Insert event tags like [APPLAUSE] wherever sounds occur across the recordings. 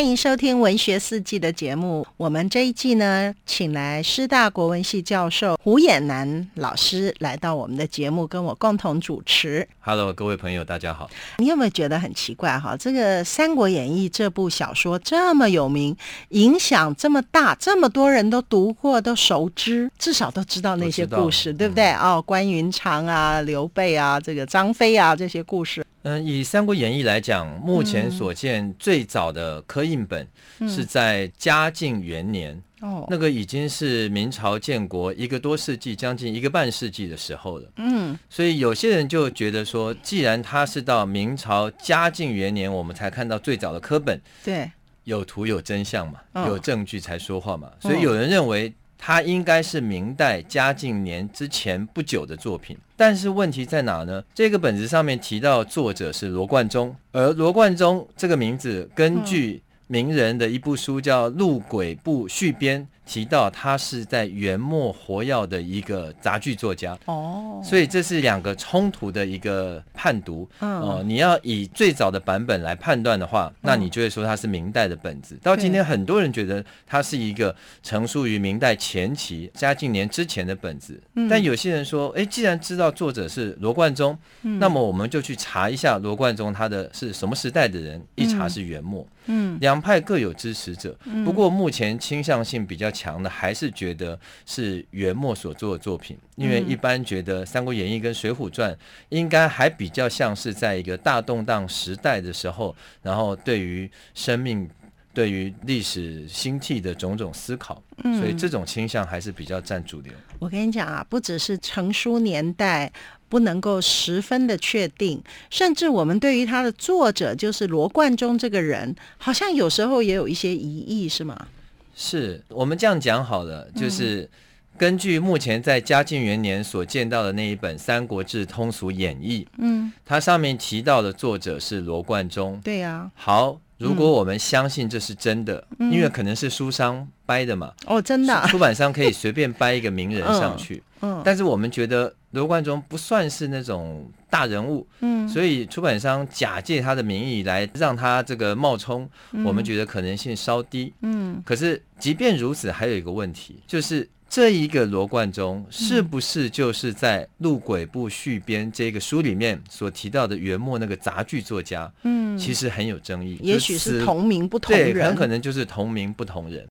歡迎收聽《文學四季》的節目。我們這一季呢，請來師大國文系教授胡衍南老師來到我們的節目，跟我共同主持。Hello，各位朋友，大家好。你有沒有覺得很奇怪哈？這個《三國演義》這部小說這麼有名，影響這麼大，這麼多人都讀過，都熟知，至少都知道那些故事，對不對？嗯、哦，關雲長啊，劉備啊，這個張飛啊，這些故事。嗯，以《三國演義》來講，目前所見最早的刻印本是在嘉靖元年，哦、嗯，那個已經是明朝建國一個多世紀、將近一個半世紀的時候了。嗯，所以有些人就覺得說，既然它是到明朝嘉靖元年，我們才看到最早的刻本，對，有圖有真相嘛，有證據才說話嘛，哦、所以有人認為它應該是明代嘉靖年之前不久的作品。但是問題在哪呢？這個本子上面提到作者是羅貫中，而羅貫中這個名字，根據名人的一部書叫《錄鬼簿續編》。提到他是在元末活躍的一個雜劇作家哦，oh. 所以這是兩個衝突的一個判讀哦、oh. 呃。你要以最早的版本來判斷的話，oh. 那你就會說它是明代的本子。Oh. 到今天，很多人覺得它是一個成書於明代前期嘉靖年之前的本子。對但有些人說，哎、嗯，既然知道作者是羅貫中，嗯、那麼我們就去查一下羅貫中他的是什麼時代的人，一查是元末。嗯嗯，兩派各有支持者。嗯，不過目前傾向性比較強的還是覺得是元末所做的作品，嗯，因為一般覺得《三國演義》跟《水滸傳》應該還比較像是在一個大動盪時代的時候，然後對於生命、對於歷史興替的種種思考，嗯，所以這種傾向還是比較佔主流。我跟你講啊，不只是成書年代。不能夠十分的確定，甚至我們對於他的作者就是羅貫中這個人，好像有時候也有一些疑義，是嗎？是，我們這樣講好了，嗯，就是根據目前在嘉靖元年所見到的那一本《三國志通俗演義》，嗯，它上面提到的作者是羅貫中，對啊。好。如果我們相信這是真的，嗯、因為可能是書商掰的嘛。哦，真的、啊。出版商可以隨便掰一個名人上去。嗯。嗯，但是我們覺得羅貫中不算是那種大人物。嗯。所以出版商假借他的名義來讓他這個冒充，嗯、我們覺得可能性稍低。嗯。嗯，可是即便如此，還有一個問題就是。這一個羅貫中是不是就是在《錄鬼簿續編》這個書裡面所提到的元末那個雜劇作家？嗯，其實很有爭議，嗯、此也許是同名不同人，對，很可能就是同名不同人。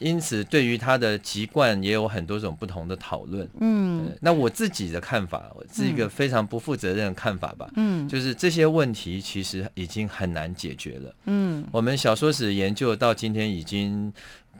因此，對於他的籍貫也有很多種不同的討論。嗯、呃，那我自己的看法，我是一個非常不負責任的看法吧。嗯，就是這些問題其實已經很難解決了。嗯，我們小說史研究到今天已經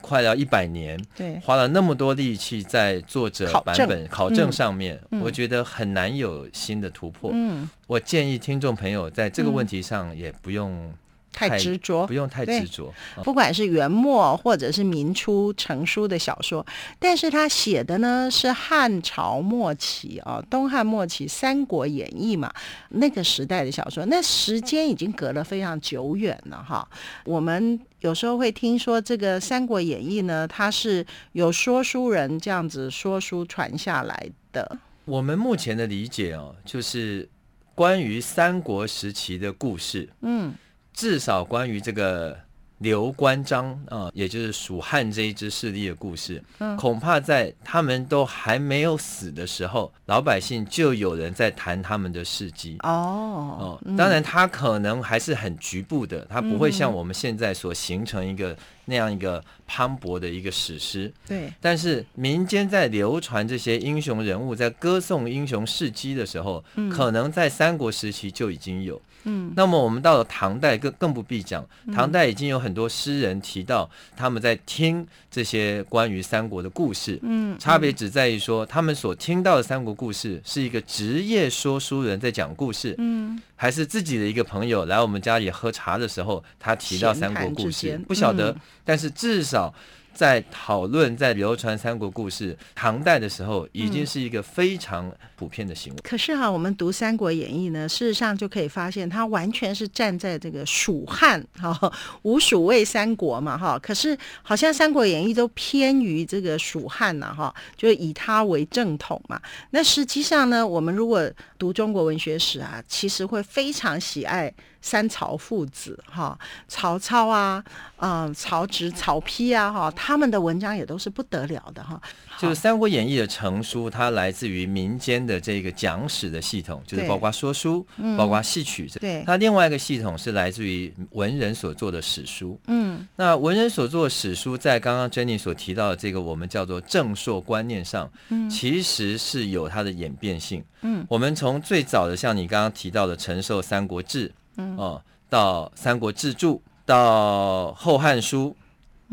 快了一百年，對，花了那麼多力氣在作者版本考證上面，嗯、我覺得很難有新的突破。嗯，我建議聽眾朋友在這個問題上也不用，太執着，不用太執着。對嗯、不管是元末或者是明初成書的小說，但是他寫的呢是漢朝末期哦，東漢末期《三國演義》嘛，那個時代的小說，那時間已經隔了非常久遠了哈。我們有時候會聽說這個《三國演義》呢，它是有說書人這樣子說書傳下來的。我們目前的理解哦，就是關於三國時期的故事，嗯。至少關於這個劉關張啊、呃,也就是蜀漢這一支勢力的故事，嗯、恐怕在他們都還沒有死的時候，老百姓就有人在談他們的事蹟。哦哦，當然他可能還是很局部的，嗯、他不會像我們現在所形成一個、嗯、那樣一個磅礴的一個史詩。對，但是民間在流傳這些英雄人物在歌頌英雄事蹟的時候，嗯、可能在三國時期就已經有。嗯，那麼我們到了唐代更，更更不必講，唐代已經有很多詩人提到他們在聽這些關於三國的故事。嗯，嗯差別只在於說他們所聽到的三國故事是一個職業說書人在講故事，嗯，還是自己的一個朋友來我們家裡喝茶的時候，他提到三國故事，嗯，不曉得，但是至少，在討論、在流傳三國故事，唐代的時候已經是一個非常普遍的行為。嗯、可是哈、啊，我們讀《三國演義》呢，事實上就可以發現，它完全是站在這個蜀漢哈，哦、無蜀魏三國嘛哈、哦。可是好像《三國演義》都偏於這個蜀漢吶、啊、哈、哦，就以它為正統嘛。那實際上呢，我們如果讀中國文學史啊，其實會非常喜愛。三曹父子哈，曹操啊，嗯，曹植、曹丕啊，哈，他們的文章也都是不得了的哈。就是《三國演義》的成書，它來自於民間的這個講史的系統，就是包括說書，對包括戲曲。對、嗯。它另外一個系統是來自於文人所做的史書。嗯對。那文人所做史書，在剛剛 Jenny 所提到的這個我們叫做正朔觀念上，嗯，其實是有它的演變性。嗯。我們從最早的像你剛剛提到的陳壽《三國志》。嗯哦、到《三國志注》，到《後漢書》，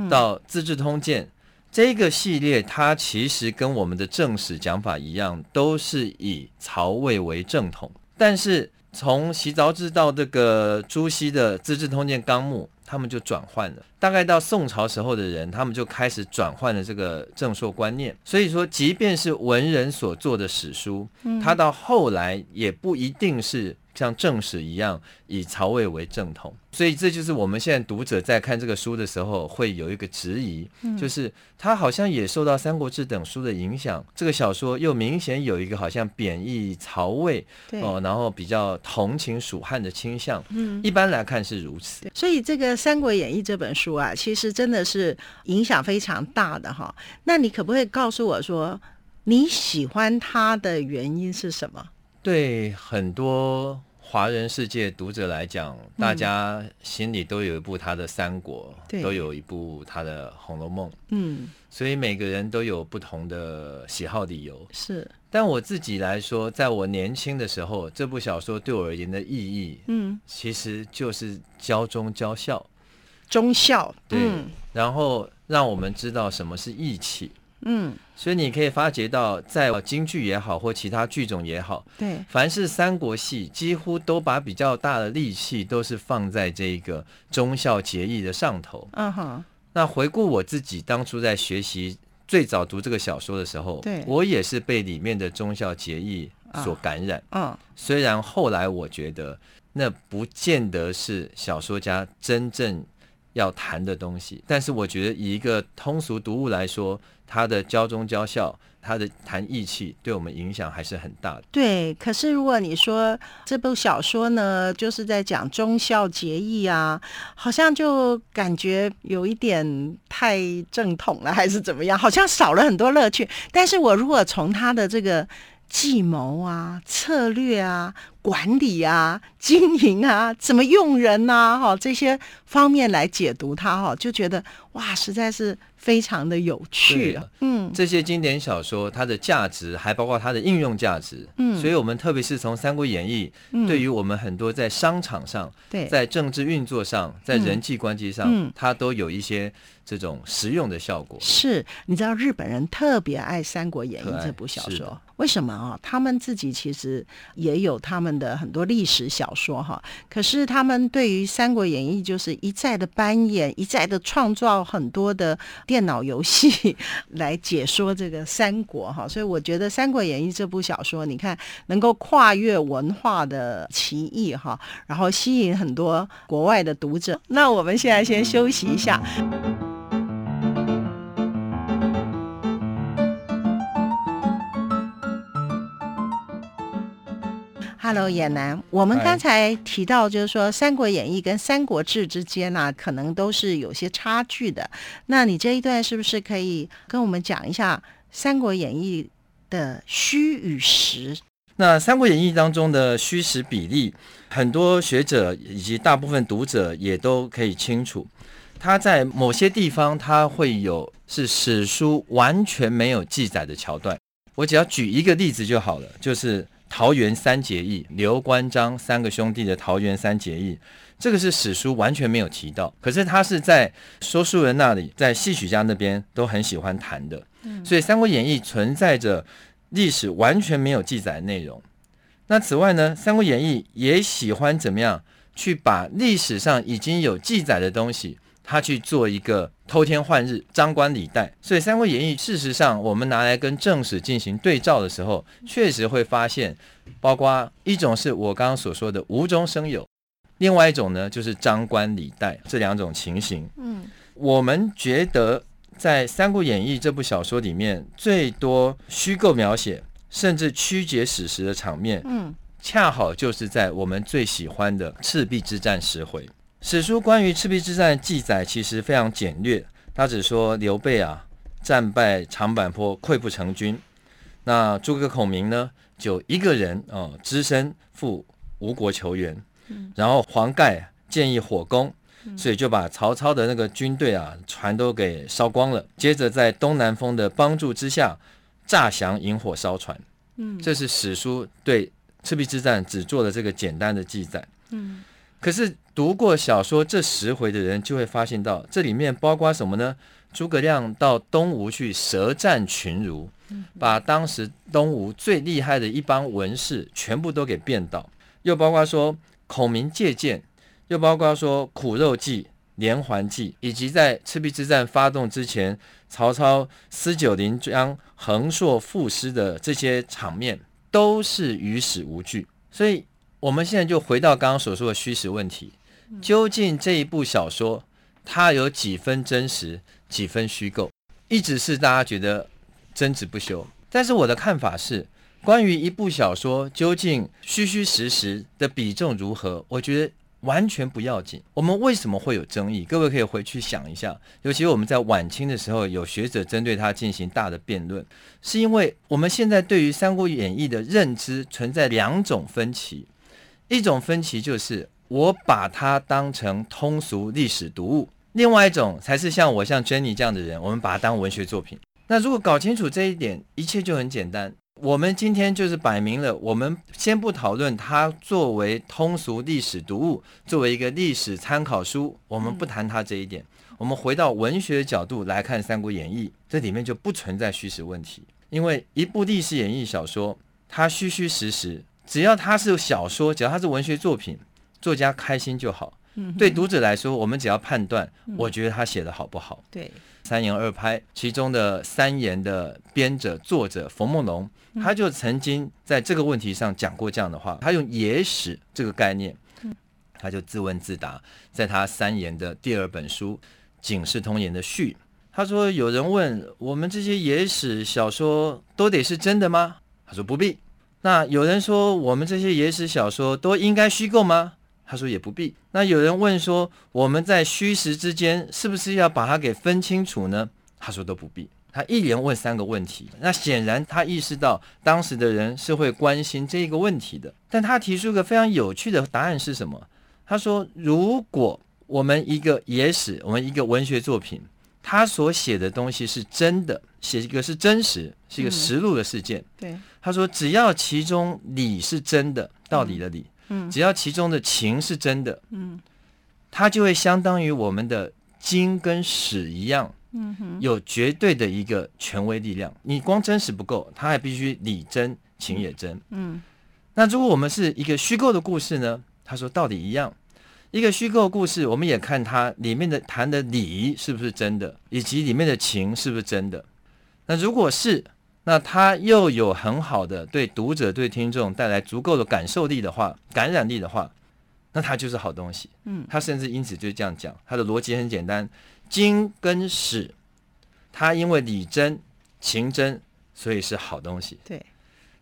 到《資治通鑑》嗯、這個系列，它其實跟我們的正史講法一樣，都是以曹魏為正統。但是從習鑿志到這個朱熹的《資治通鑑綱目》，他們就轉換了。大概到宋朝時候的人，他們就開始轉換了這個正朔觀念。所以說，即便是文人所做的史書，他到後來也不一定是。像正史一樣以曹魏為正統，所以這就是我們現在讀者在看這個書的時候會有一個質疑，就是他好像也受到《三國志》等書的影響，嗯、這個小說又明顯有一個好像貶義曹魏，哦對、呃，然後比較同情蜀漢的傾向。嗯，一般來看是如此。所以這個《三國演義》這本書啊，其實真的是影響非常大的哈。那你可不可以告訴我說，你喜歡它的原因是什麼？對很多華人世界讀者來講，嗯、大家心裡都有一部他的《三國》對，都有一部他的《紅樓夢》。嗯，所以每個人都有不同的喜好理由。是，但我自己來說，在我年輕的時候，這部小說對我而言的意義，嗯，其實就是教忠教孝，忠孝校。對，嗯、然後讓我們知道什麼是義氣。嗯，所以你可以發覺到，在京劇也好，或其他劇種也好，對，凡是三國戲，幾乎都把比較大的力氣都是放在這一個忠孝節義的上頭。嗯哼、啊哈。那回顧我自己當初在學習最早讀這個小說的時候，對，我也是被裡面的忠孝節義所感染。嗯、啊，雖然後來我覺得那不見得是小說家真正。要談的東西，但是我覺得以一個通俗讀物來說，它的教忠教孝，它的談義氣，對我們影響還是很大的。對，可是如果你說這部小說呢，就是在講忠孝節義啊，好像就感覺有一點太正統了，還是怎麼樣？好像少了很多樂趣。但是我如果從他的這個。計謀啊，策略啊，管理啊，經營啊，怎麼用人吶、啊？哈、哦，這些方面來解讀它，哈、哦，就覺得哇，實在是非常的有趣。啊、嗯，這些經典小說它的價值，還包括它的應用價值。嗯，所以我們特別是從《三國演義》嗯，對於我們很多在商場上、對在政治運作上、在人際關係上，嗯嗯、它都有一些。這種實用的效果是，是你知道日本人特別愛《三國演義》這部小說，為什麼啊？他們自己其實也有他們的很多歷史小說哈、啊，可是他們對於《三國演義》就是一再的扮演，一再的創造很多的電腦遊戲來解說這個三國哈、啊。所以我覺得《三國演義》這部小說，你看能夠跨越文化的歧異，哈，然後吸引很多國外的讀者。嗯、那我們現在先休息一下。嗯嗯 Hello，衍南，我們剛才提到，就是說《三國演義》跟《三國志》之間呢、啊，可能都是有些差距的。那你這一段是不是可以跟我們講一下《三國演義》的虛與實？那《三國演義》當中的虛實比例，很多學者以及大部分讀者也都可以清楚，他在某些地方，他會有是史書完全沒有記載的橋段。我只要舉一個例子就好了，就是。桃園三結義，劉關張三個兄弟的桃園三結義，這個是史書完全沒有提到，可是他是在說書人那裡，在戲曲家那邊都很喜歡談的，所以《三國演義》存在着歷史完全沒有記載的內容。那此外呢，《三國演義》也喜歡怎麼樣去把歷史上已經有記載的東西。他去做一個偷天換日、張冠李戴，所以《三國演義》事實上，我們拿來跟正史進行對照的時候，確實會發現，包括一種是我剛剛所說的無中生有，另外一種呢就是張冠李戴這兩種情形。嗯，我們覺得在《三國演義》這部小說裡面，最多虛構描寫甚至曲解史實的場面，嗯，恰好就是在我們最喜歡的赤壁之戰十回。史書關於赤壁之戰記載其實非常簡略，他只說劉備啊戰敗長坂坡潰不成軍，那諸葛孔明呢就一個人哦，呃、只身赴吳國求援，然後黃蓋建議火攻，嗯、所以就把曹操的那個軍隊啊船都給燒光了，接着在東南風的幫助之下詐降引火燒船，這是史書對赤壁之戰只做了這個簡單的記載，嗯嗯可是讀過小說這十回的人就會發現到，這裡面包括什麼呢？諸葛亮到東吳去舌戰群儒，嗯、哼把當時東吳最厲害的一幫文士全部都給辯倒；又包括說孔明借箭，又包括說苦肉計、連環計，以及在赤壁之戰發動之前，曹操釃酒臨江橫槊賦詩的這些場面，都是於史無據，所以。我們現在就回到剛剛所說的虛實問題，究竟這一部小說它有幾分真實，幾分虛構，一直是大家覺得爭執不休。但是我的看法是，關於一部小說究竟虛虛實實的比重如何，我覺得完全不要緊。我們為什麼會有爭議？各位可以回去想一下，尤其我們在晚清的時候，有學者針對它進行大的辯論，是因為我們現在對於《三國演義》的認知存在兩種分歧。一種分歧就是我把它當成通俗歷史讀物，另外一種才是像我像 Jenny 這樣的人，我們把它當文學作品。那如果搞清楚這一點，一切就很簡單。我們今天就是擺明了，我們先不討論它作為通俗歷史讀物，作為一個歷史參考書，我們不談它這一點。我們回到文學的角度來看《三國演義》，這裡面就不存在虛實問題，因為一部歷史演義小說，它虛虛實實。只要他是小說，只要他是文學作品，作家開心就好。嗯、哼對讀者來說，我們只要判斷，我覺得他寫得好不好。嗯、對《三言二拍》其中的《三言》的編者作者馮夢龍，他就曾經在這個問題上講過這樣的話。他用野史這個概念，他就自問自答，在他《三言》的第二本書《警世通言》的序，他說：“有人問我們這些野史小說都得是真的嗎？”他說：“不必。”那有人說，我們這些野史小說都應該虛構嗎？他說也不必。那有人問說，我們在虛實之間是不是要把它給分清楚呢？他說都不必。他一連問三個問題，那顯然他意識到當時的人是會關心這一個問題的。但他提出一個非常有趣的答案是什麼？他說，如果我們一個野史，我們一個文學作品。他所寫的東西是真的，寫一個是真實，是一個實錄的事件。嗯、對，他說只要其中理是真的，道理的理，嗯、只要其中的情是真的，嗯、他它就會相當於我們的經跟史一樣，嗯、有絕對的一個權威力量。你光真實不夠，他還必須理真情也真，嗯、那如果我們是一個虛構的故事呢？他說道理一樣。一個虛構故事，我們也看它裡面的談的理是不是真的，以及裡面的情是不是真的。那如果是，那它又有很好的對讀者、對聽眾帶來足夠的感受力的話，感染力的話，那它就是好東西。嗯，它甚至因此就這樣講，它的邏輯很簡單：經跟史，它因為理真情真，所以是好東西。對。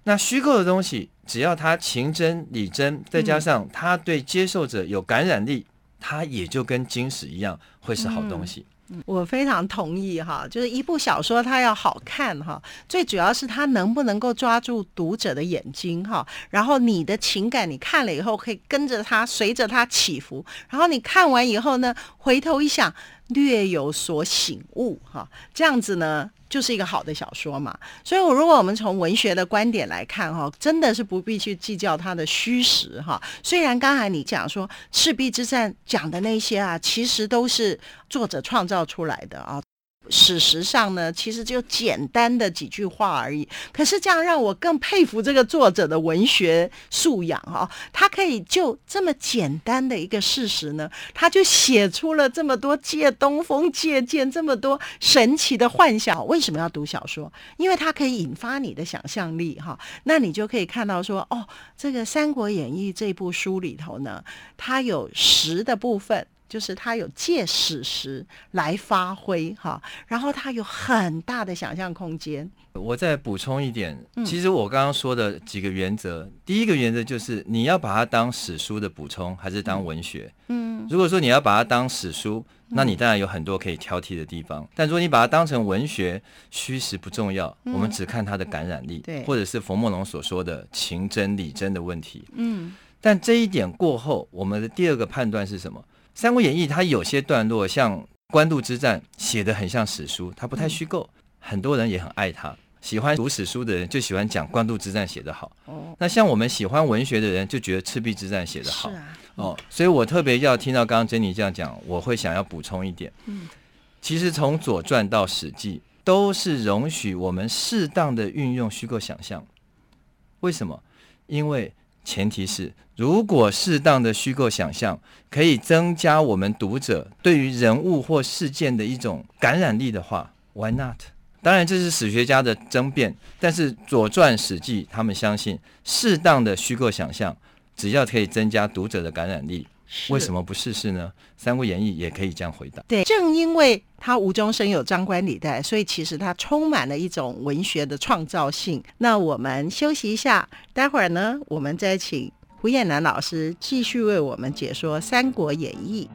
那虛構的東西，只要它情真理真，再加上它對接受者有感染力，嗯、它也就跟金石一樣，會是好東西。嗯、我非常同意哈，就是一部小說，它要好看哈，最主要是它能不能夠抓住讀者的眼睛哈，然後你的情感，你看了以後可以跟着它，隨着它起伏，然後你看完以後呢，回頭一想，略有所醒悟哈，這樣子呢。就是一個好的小說嘛，所以，我如果我們從文學的觀點來看哈，真的是不必去計較它的虛實哈。雖然剛才你講說赤壁之戰講的那些啊，其實都是作者創造出來的啊。史實上呢，其實就簡單的幾句話而已。可是這樣讓我更佩服這個作者的文學素養哈，他可以就這麼簡單的一個事實呢，他就寫出了這麼多借東風借箭這麼多神奇的幻想。為什麼要讀小說？因為它可以引發你的想象力哈。那你就可以看到說，哦，這個《三國演義》這部書裡頭呢，它有實的部分。就是他有借史實來發揮哈，然後他有很大的想象空間。我再補充一點，其實我剛剛說的幾個原則，嗯、第一個原則就是你要把它當史書的補充，還是當文學？嗯，如果說你要把它當史書，那你當然有很多可以挑剔的地方。嗯、但如果你把它當成文學，虛實不重要，我們只看它的感染力，嗯、對，或者是馮夢龍所說的情真理真的問題。嗯，但這一點過後，我們的第二個判斷是什麼？《三國演義》它有些段落，像官渡之戰，寫得很像史書，它不太虛構。很多人也很愛它，喜歡讀史書的人就喜歡講官渡之戰寫得好。哦，那像我們喜歡文學的人就覺得赤壁之戰寫得好。是啊。哦，所以我特別要聽到剛剛怡蓁這樣講，我會想要補充一點。嗯，其實從《左傳》到《史記》，都是容許我們適當的運用虛構想象。為什麼？因為，前提是，如果適當的虛構想象可以增加我們讀者對於人物或事件的一種感染力的話，Why not？當然，這是史學家的爭辯。但是《左傳》《史記》，他們相信適當的虛構想象，只要可以增加讀者的感染力，是為什麼不試試呢？《三國演義》也可以這樣回答。對。正因為它無中生有、張冠李戴，所以其實它充滿了一種文學的創造性。那我們休息一下，待會兒呢，我們再請胡衍南老師繼續為我們解說《三國演義》。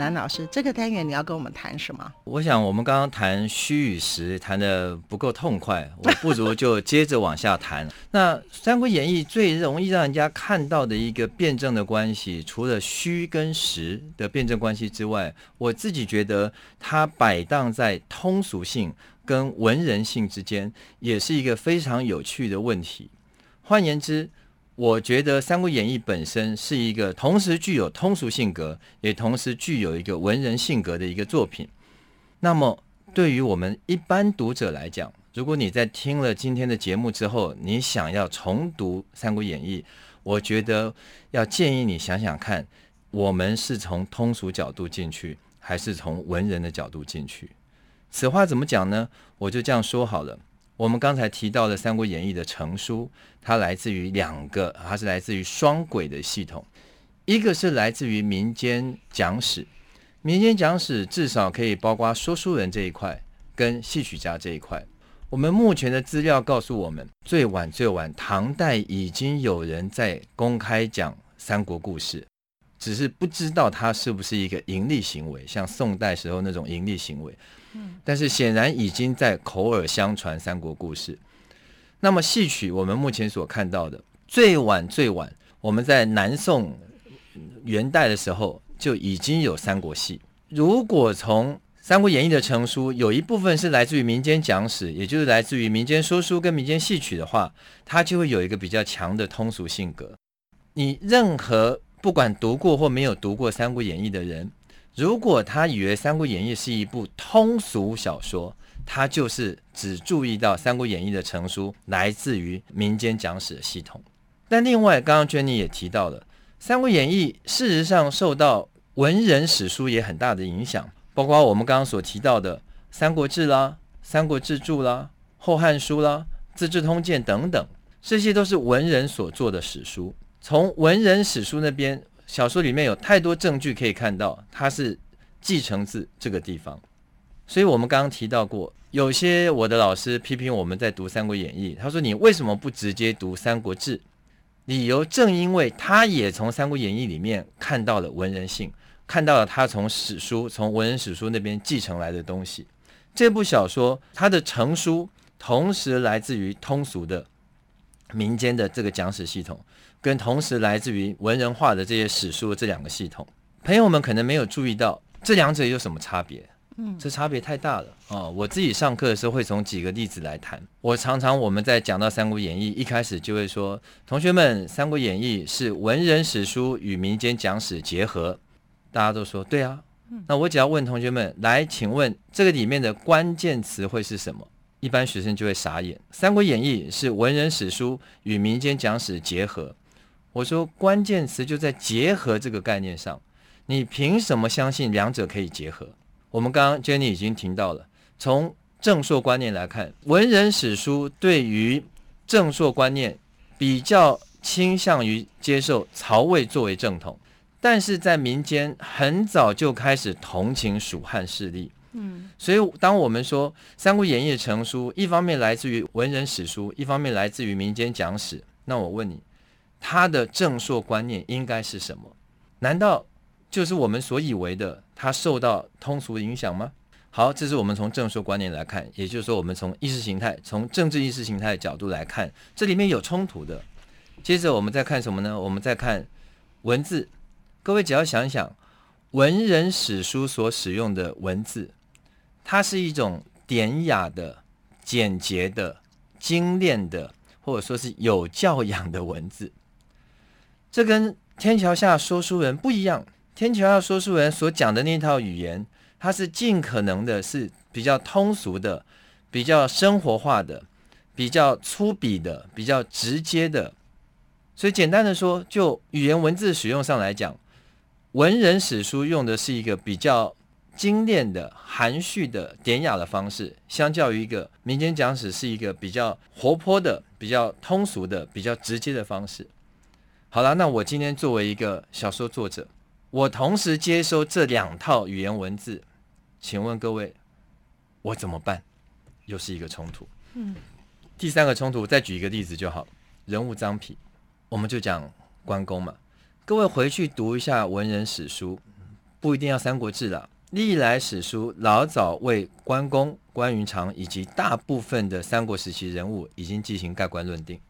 南老師，這個單元你要跟我們談什麼？我想我們剛剛談虛與實談得不夠痛快，我不如就接着往下談。 [LAUGHS] 那《三國演義》最容易讓人家看到的一個辯證的關係，除了虛跟實的辯證關係之外，我自己覺得它擺盪在通俗性跟文人性之間，也是一個非常有趣的問題。換言之，我覺得《三國演義》本身是一個同時具有通俗性格，也同時具有一個文人性格的一個作品。那麼，對於我們一般讀者來講，如果你在聽了今天的節目之後，你想要重讀《三國演義》，我覺得要建議你想想看，我們是從通俗角度進去，還是從文人的角度進去？此話怎麼講呢？我就這樣說好了。我們剛才提到的《三國演義》的成書，它來自於兩個，它是來自於雙軌的系統，一個是來自於民間講史，民間講史至少可以包括說書人這一塊跟戲曲家這一塊。我們目前的資料告訴我們，最晚最晚唐代已經有人在公開講三國故事，只是不知道它是不是一個盈利行為，像宋代時候那種盈利行為。但是顯然已經在口耳相傳三國故事。那麼戲曲，我們目前所看到的最晚最晚，我們在南宋、元代的時候就已經有三國戲。如果從《三國演義》的成書，有一部分是來自於民間講史，也就是來自於民間說書跟民間戲曲的話，它就會有一個比較強的通俗性格。你任何不管讀過或沒有讀過《三國演義》的人。如果他以為《三國演義》是一部通俗小說，他就是只注意到《三國演義》的成書來自於民間講史的系統。但另外，剛剛 Jenny 也提到了，《三國演義》事實上受到文人史書也很大的影響，包括我們剛剛所提到的《三國志》啦、《三國志》注啦、《後漢書》啦、《資治通鑑》等等，這些都是文人所做的史書。從文人史書那邊。小說裡面有太多證據可以看到，它是繼承自這個地方，所以我們剛剛提到過，有些我的老師批評我們在讀《三國演義》，他說：“你為什麼不直接讀《三國志》？”理由正因為他也從《三國演義》裡面看到了文人性，看到了他從史書、從文人史書那邊繼承來的東西。這部小說它的成書，同時來自於通俗的民間的這個講史系統。跟同時來自於文人化的這些史書，這兩個系統，朋友們可能沒有注意到這兩者有什麼差別，嗯，這差別太大了啊！我自己上課的時候會從幾個例子來談。我常常我們在講到《三國演義》一開始就會說，同學們，《三國演義》是文人史書與民間講史結合，大家都說對啊。那我只要問同學們來，請問這個裡面的關鍵詞會是什麼？一般學生就會傻眼，《三國演義》是文人史書與民間講史結合。我說關鍵詞就在結合這個概念上，你憑什麼相信兩者可以結合？我們剛剛 Jenny 已經聽到了，從正朔觀念來看，文人史書對於正朔觀念比較傾向於接受曹魏作為正統，但是在民間很早就開始同情蜀漢勢力。嗯，所以當我們說《三國演義》的成書，一方面來自於文人史書，一方面來自於民間講史。講史，那我問你。他的正朔觀念應該是什麼？難道就是我們所以為的他受到通俗影響嗎？好，這是我們從正朔觀念來看，也就是說，我們從意識形態、從政治意識形態的角度來看，這裡面有衝突的。接着，我們再看什麼呢？我們再看文字。各位只要想一想，文人史書所使用的文字，它是一種典雅的、簡潔的、精煉的，或者說是有教養的文字。這跟天橋下說書人不一樣。天橋下說書人所講的那一套語言，它是盡可能的，是比較通俗的、比較生活化的、比較粗鄙的、比較直接的。所以，簡單的說，就語言文字使用上來講，文人史書用的是一個比較精煉的、含蓄的、典雅的方式，相較於一個民間講史，是一個比較活潑的、比較通俗的、比較直接的方式。好了，那我今天作為一個小說作者，我同時接收這兩套語言文字，請問各位，我怎麼辦？又是一個衝突。嗯，第三個衝突，再舉一個例子就好。人物臧否，我們就講關公嘛。各位回去讀一下文人史書，不一定要《三國志》了。歷來史書老早為關公、關雲長以及大部分的三國時期人物已經進行蓋棺論定。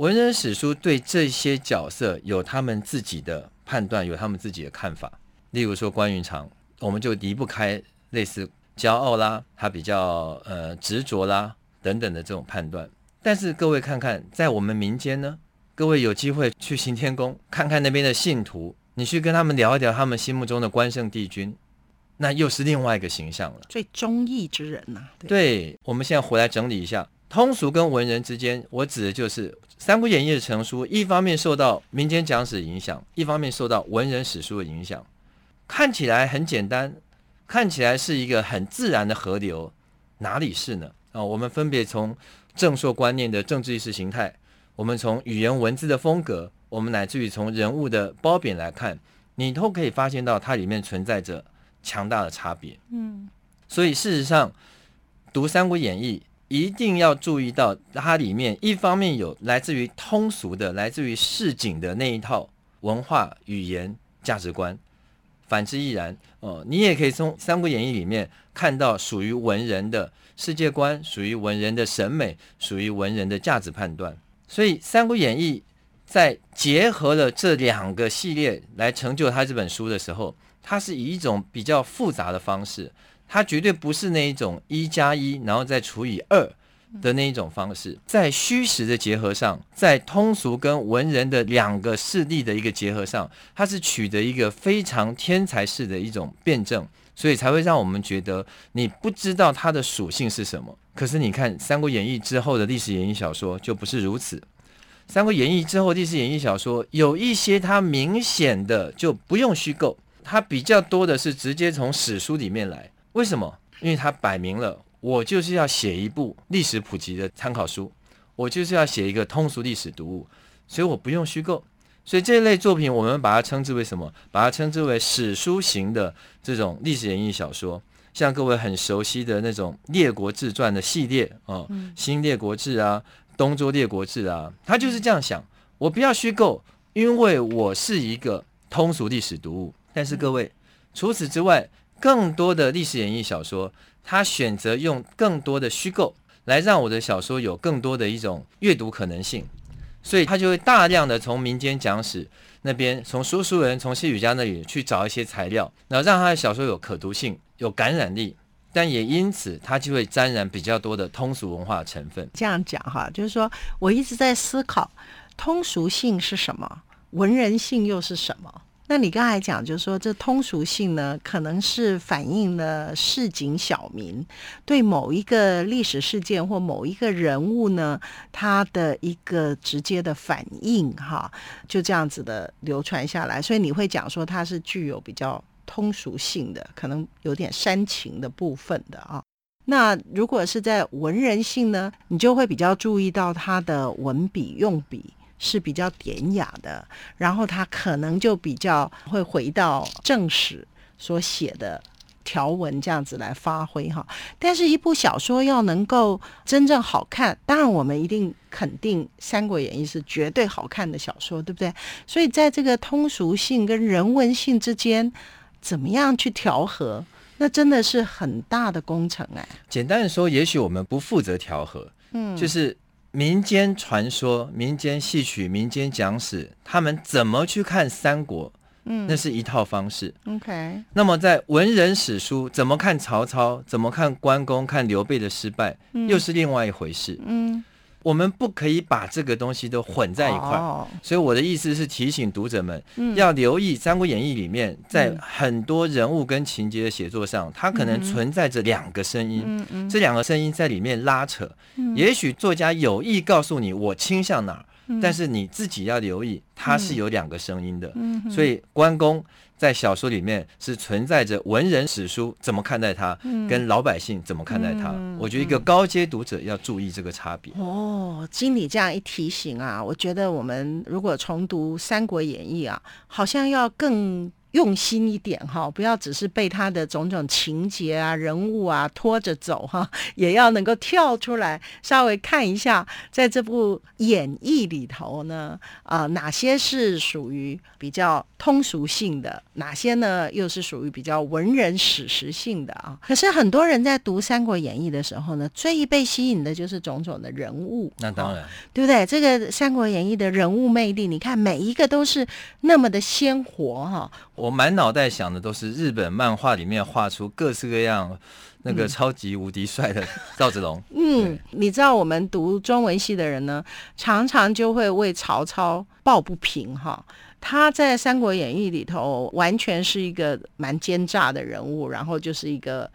文人史書對這些角色有他們自己的判斷，有他們自己的看法。例如說關雲長，我們就離不開類似驕傲啦，他比較呃執着啦等等的這種判斷。但是各位看看，在我們民間呢，各位有機會去行天宮，看看那邊的信徒，你去跟他們聊一聊他們心目中的關聖帝君，那又是另外一個形象了。最忠義之人吶，啊，對。對，我們現在回來整理一下。通俗跟文人之間，我指的就是《三國演義》的成書，一方面受到民間講史的影響，一方面受到文人史書的影響。看起來很簡單，看起來是一個很自然的河流，哪裡是呢？啊、哦，我們分別從正朔觀念的政治意識形態，我們從語言文字的風格，我們乃至於從人物的褒貶來看，你都可以發現到它裡面存在着強大的差別。嗯，所以事實上讀《三國演義》。一定要注意到它裡面一方面有來自於通俗的、來自於市井的那一套文化語言價值觀，反之亦然。哦、呃，你也可以從《三國演義》裡面看到屬於文人的世界觀、屬於文人的審美、屬於文人的價值判斷。所以，《三國演義》在結合了這兩個系列來成就它這本書的時候，它是以一種比較複雜的方式。它絕對不是那一種一加一然後再除以二的那一種方式，在虛實的結合上，在通俗跟文人的兩個勢力的一個結合上，它是取得一個非常天才式的一種辯證，所以才會讓我們覺得你不知道它的屬性是什麼。可是你看《三國演義》之後的歷史演義小說就不是如此，《三國演義》之後的歷史演義小說有一些它明顯的就不用虛構，它比較多的是直接從史書裡面來。為什麼？因為他擺明了，我就是要寫一部歷史普及的參考書，我就是要寫一個通俗歷史讀物，所以我不用虛構。所以這一類作品，我們把它稱之為什麼？把它稱之為史書型的這種歷史演義小說，像各位很熟悉的那種《列國志傳》的系列啊，哦，《新列國志》啊，《東周列國志》啊，他就是這樣想。我不要虛構，因為我是一個通俗歷史讀物。但是各位，除此之外。更多的歷史演繹小說，他選擇用更多的虛構來讓我的小說有更多的一種閱讀可能性，所以他就會大量的從民間講史那邊，從說書人、從戲曲家那裡去找一些材料，然後讓他的小說有可讀性、有感染力，但也因此他就會沾染比較多的通俗文化成分。這樣講哈，就是說我一直在思考通俗性是什麼，文人性又是什麼。那你剛才講，就是說這通俗性呢，可能是反映了市井小民對某一個歷史事件或某一個人物呢，他的一個直接的反應，哈、啊，就這樣子的流傳下來。所以你會講說它是具有比較通俗性的，可能有點煽情的部分的啊。那如果是在文人性呢，你就會比較注意到他的文筆用筆。是比較典雅的，然後他可能就比較會回到正史所寫的條文這樣子來發揮哈。但是，一部小說要能夠真正好看，當然我們一定肯定《三國演義》是絕對好看的小說，對不對？所以，在這個通俗性跟人文性之間，怎麼樣去調和，那真的是很大的工程哎，簡單的說，也許我們不負責調和，嗯，就是。民間傳說、民間戲曲、民間講史，他們怎麼去看三國？嗯，那是一套方式。OK。那麼在文人史書怎麼看曹操？怎麼看關公？看劉備的失敗，又是另外一回事。嗯。嗯。我們不可以把這個東西都混在一塊，oh, 所以我的意思是提醒讀者們，嗯、要留意《三國演義》裡面在很多人物跟情節的寫作上，嗯、它可能存在着兩個聲音，嗯、這兩個聲音在裡面拉扯。嗯、也許作家有意告訴你我傾向哪兒，嗯、但是你自己要留意它是有兩個聲音的，嗯、所以關公。在小說裡面是存在着文人史書怎麼看待他，嗯、跟老百姓怎麼看待他。嗯嗯、我覺得一個高階讀者要注意這個差別。哦，經你這樣一提醒啊，我覺得我們如果重讀《三國演義》啊，好像要更。用心一點哈，不要只是被他的種種情節啊、人物啊拖着走哈，也要能夠跳出來，稍微看一下，在這部演義裡頭呢，啊，哪些是屬於比較通俗性的，哪些呢又是屬於比較文人史實性的啊。可是很多人在讀《三國演義》的時候呢，最易被吸引的就是種種的人物。那當然，對不對？這個《三國演義》的人物魅力，你看每一個都是那麼的鮮活哈。我滿腦袋想的都是日本漫畫裡面畫出各式各樣那個超級無敵帥的趙、嗯、子龍。嗯，你知道我們讀中文系的人呢，常常就會為曹操抱不平哈。他在《三國演義》裡頭完全是一個蠻奸詐的人物，然後就是一個。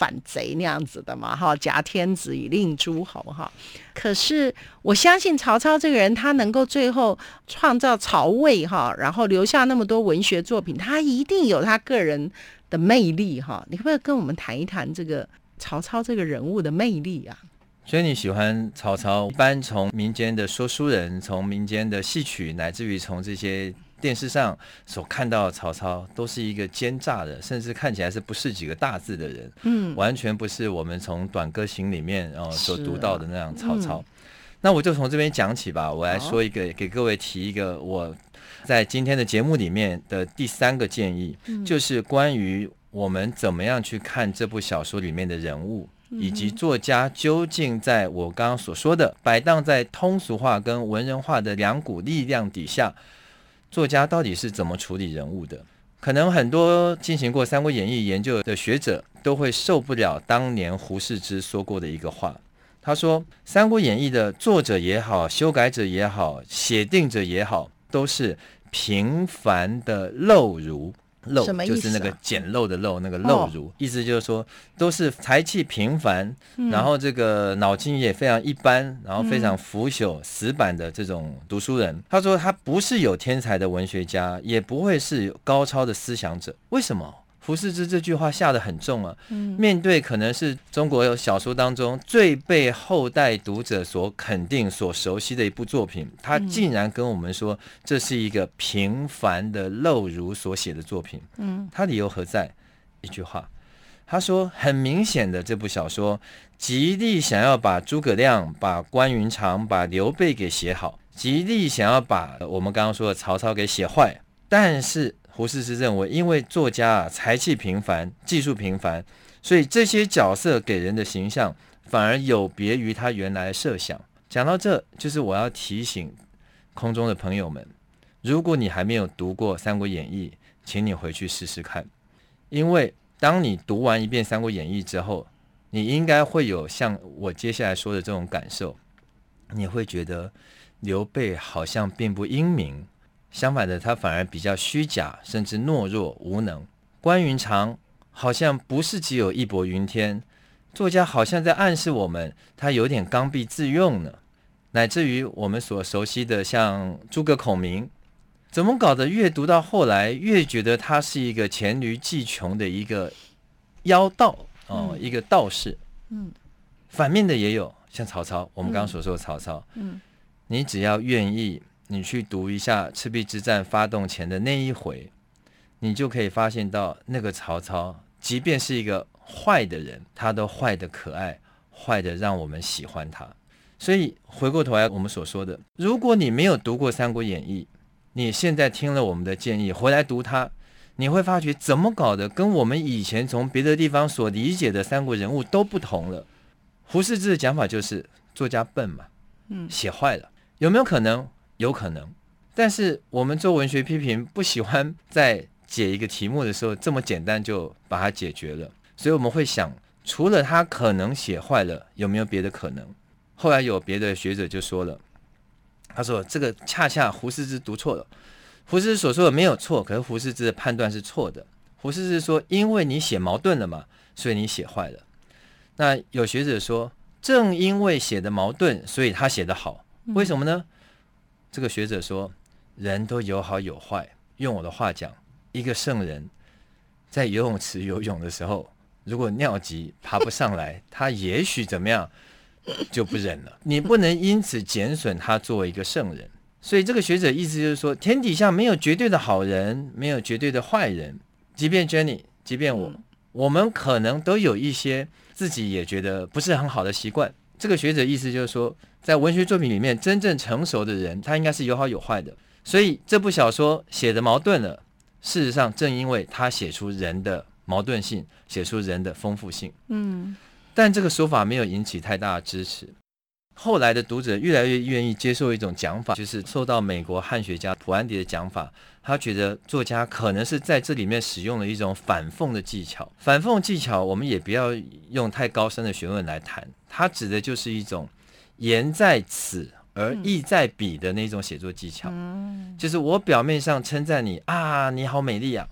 反賊那樣子的嘛，哈，挾天子以令諸侯，哈。可是我相信曹操這個人，他能夠最後創造曹魏，哈，然後留下那麼多文學作品，他一定有他個人的魅力，哈。你會不會跟我們談一談這個曹操這個人物的魅力啊？所以你喜歡曹操，一般從民間的說書人，從民間的戲曲，乃至於從這些。電視上所看到的曹操都是一個奸詐的，甚至看起來是不識幾個大字的人，嗯，完全不是我們從《短歌行》裡面然後所讀到的那樣的曹操。嗯、那我就從這邊講起吧，我來說一個，好給各位提一個，我在今天的節目裡面的第三個建議，嗯、就是關於我們怎麼樣去看這部小說裡面的人物，嗯、哼以及作家究竟在我剛剛所說的擺盪在通俗化跟文人化的兩股力量底下。作家到底是怎麼處理人物的？可能很多進行過《三國演義》研究的學者都會受不了當年胡適之說過的一個話。他說，《三國演義》的作者也好，修改者也好，寫定者也好，都是平凡的陋儒。陋露、啊、就是那個簡陋的陋，那個陋儒。哦、意思就是說都是才氣平凡，嗯、然後這個腦筋也非常一般，然後非常腐朽、死板的這種讀書人。嗯、他說他不是有天才的文學家，也不會是有高超的思想者。為什麼？胡適之這句話下得很重啊！面對可能是中國小說當中最被後代讀者所肯定、所熟悉的一部作品，他竟然跟我們說這是一個平凡的陋儒所寫的作品。嗯，他理由何在？一句話，他說很明顯的，這部小說極力想要把諸葛亮、把關雲長、把劉備給寫好，極力想要把我們剛剛說的曹操給寫壞，但是。胡適之認為，因為作家啊才氣平凡，技術平凡，所以這些角色給人的形象反而有別於他原來的設想。講到這，就是我要提醒空中的朋友們：如果你還沒有讀過《三國演義》，請你回去試試看。因為當你讀完一遍《三國演義》之後，你應該會有像我接下來說的這種感受，你會覺得劉備好像並不英明。相反的，他反而比較虛假，甚至懦弱無能。關雲長好像不是只有義薄雲天，作家好像在暗示我們，他有點剛愎自用呢。乃至於我們所熟悉的像諸葛孔明，怎麼搞的？越讀到後來，越覺得他是一個黔驢技窮的一個妖道哦，呃嗯、一個道士。嗯，反面的也有，像曹操。我們剛剛所說的曹操，嗯，你只要願意。你去讀一下赤壁之戰發動前的那一回，你就可以發現到那個曹操，即便是一個壞的人，他都壞得可愛，壞得讓我們喜歡他。所以回過頭來，我們所說的，如果你沒有讀過《三國演義》，你現在聽了我們的建議，回來讀它，你會發覺怎麼搞的，跟我們以前從別的地方所理解的三國人物都不同了。胡適之的講法就是作家笨嘛，嗯，寫壞了，有沒有可能？有可能，但是我們做文學批評不喜歡在解一個題目的時候這麼簡單就把它解決了，所以我們會想，除了他可能寫壞了，有沒有別的可能？後來有別的學者就說了，他說這個恰恰胡適之讀錯了，胡適之所說的沒有錯，可是胡適之的判斷是錯的。胡適之說，因為你寫矛盾了嘛，所以你寫壞了。那有學者說，正因為寫的矛盾，所以他寫的好，為什麼呢？嗯這個學者說：“人都有好有壞。用我的話講，一個聖人，在游泳池游泳的時候，如果尿急爬不上來，他也許怎麼樣就不忍了。你不能因此減損他作為一個聖人。所以，這個學者意思就是說，天底下沒有絕對的好人，沒有絕對的壞人。即便 Jenny，即便我，我們可能都有一些自己也覺得不是很好的習慣。”這個學者意思就是說，在文學作品裡面，真正成熟的人，他應該是有好有壞的。所以這部小說寫的矛盾了。事實上，正因為他寫出人的矛盾性，寫出人的豐富性，嗯，但這個說法沒有引起太大的支持。後來的讀者越來越願意接受一種講法，就是受到美國漢學家普安迪的講法，他覺得作家可能是在這裡面使用了一種反諷的技巧。反諷技巧我們也不要用太高深的學問來談，它指的就是一種言在此而意在彼的那種寫作技巧。嗯，就是我表面上稱讚你啊，你好美麗啊，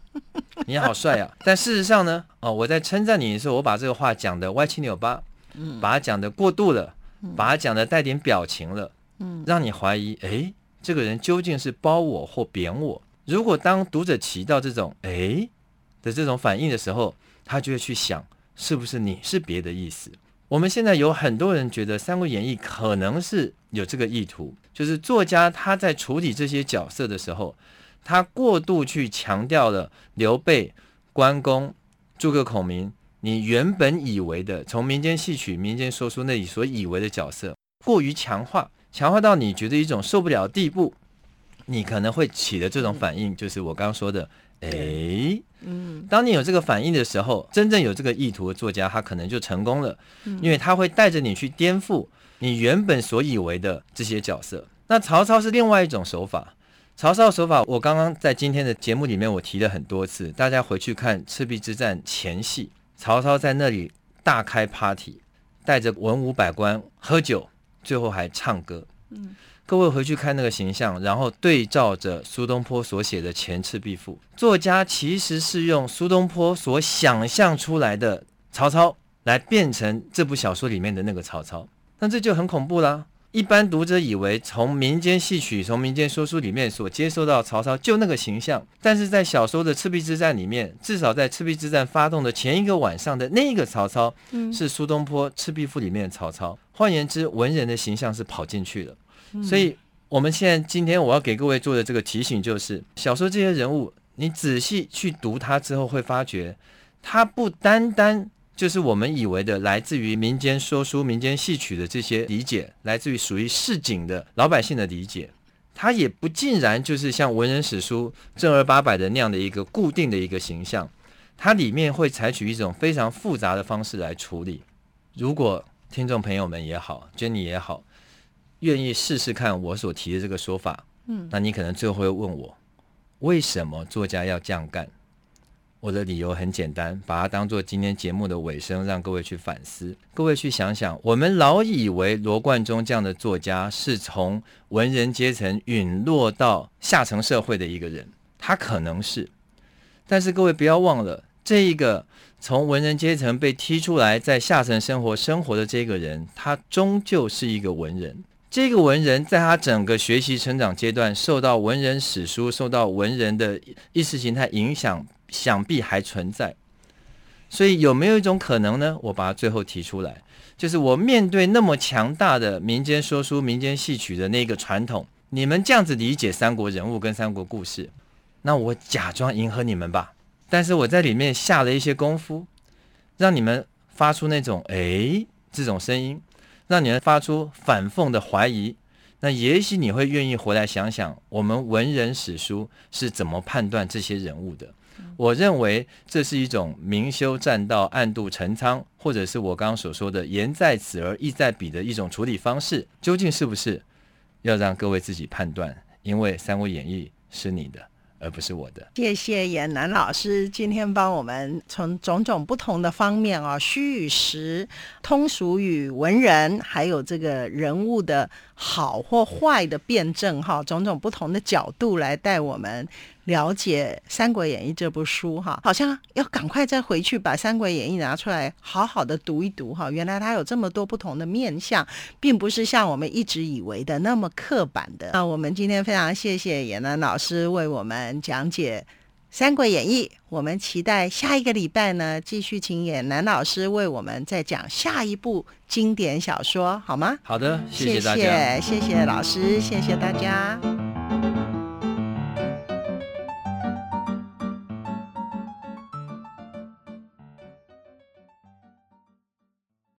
你好帥啊， [LAUGHS] 但事實上呢，哦，我在稱讚你的時候，我把這個話講得歪七扭八，8, 把它講得過度了。把他講的帶點表情了，嗯，讓你懷疑，哎，這個人究竟是褒我或貶我？如果當讀者提到這種“哎”的這種反應的時候，他就會去想，是不是你是別的意思？我們現在有很多人覺得《三國演義》可能是有這個意圖，就是作家他在處理這些角色的時候，他過度去強調了劉備、關公、諸葛孔明。你原本以為的從民間戲曲、民間說書那裡所以為的角色過於強化，強化到你覺得一種受不了的地步，你可能會起的這種反應、嗯、就是我剛剛說的，誒、欸，嗯、當你有這個反應的時候，真正有這個意圖的作家他可能就成功了，因為他會帶着你去顛覆你原本所以為的這些角色。那曹操是另外一種手法，曹操手法我剛剛在今天的節目裡面我提了很多次，大家回去看赤壁之戰前戲。曹操在那裡大開 party，帶着文武百官喝酒，最後還唱歌。嗯，各位回去看那個形象，然後對照着蘇東坡所寫的《前赤壁賦》，作家其實是用蘇東坡所想象出來的曹操來變成這部小說裡面的那個曹操，那這就很恐怖啦。一般讀者以為，從民間戲曲、從民間說書裡面所接收到曹操就那個形象，但是在小說的赤壁之戰裡面，至少在赤壁之戰發動的前一個晚上的那個曹操，是蘇東坡《赤壁賦》裡面的曹操。換言之，文人的形象是跑進去的。所以，我們現在今天我要給各位做的這個提醒就是，小說這些人物，你仔細去讀他之後，會發覺他不單單。就是我們以為的來自於民間說書、民間戲曲的這些理解，來自於屬於市井的老百姓的理解，它也不盡然就是像文人史書正兒八百的那樣的一個固定的一個形象。它裡面會採取一種非常複雜的方式來處理。如果聽眾朋友們也好，珍妮也好，願意試試看我所提的這個說法，嗯，那你可能最後會問我，為什麼作家要這樣幹？我的理由很簡單，把它當做今天節目的尾聲，讓各位去反思。各位去想想，我們老以為羅貫中這樣的作家是從文人階層隕落到下層社會的一個人，他可能是，但是各位不要忘了，這一個從文人階層被踢出來，在下層生活生活的這個人，他終究是一個文人。這個文人在他整個學習成長階段，受到文人史書、受到文人的意識形態影響。想必還存在，所以有沒有一種可能呢？我把它最後提出來，就是我面對那麼強大的民間說書、民間戲曲的那個傳統，你們這樣子理解三國人物跟三國故事，那我假裝迎合你們吧。但是我在裡面下了一些功夫，讓你們發出那種哎這種聲音，讓你們發出反諷的懷疑。那也許你會願意回來想想，我們文人史書是怎麼判斷這些人物的？嗯、我認為這是一種明修棧道、暗度陳倉，或者是我剛剛所說的“言在此而意在彼”的一種處理方式。究竟是不是，要讓各位自己判斷？因為《三國演義》是你的，而不是我的。謝謝衍南老師今天幫我們從種種不同的方面啊、哦，虛與實、通俗與文人，還有這個人物的。好或壞的辯證哈，種種不同的角度來帶我們了解《三國演義》這部書哈，好像要趕快再回去把《三國演義》拿出來好好的讀一讀哈。原來它有這麼多不同的面向，並不是像我們一直以為的那麼刻板的。那我們今天非常謝謝衍南老師為我們講解。《三國演義》，我們期待下一個禮拜呢，繼續請衍南老師為我們再講下一部經典小說，好嗎？好的，謝謝大家，謝謝，謝謝老師，謝謝大家。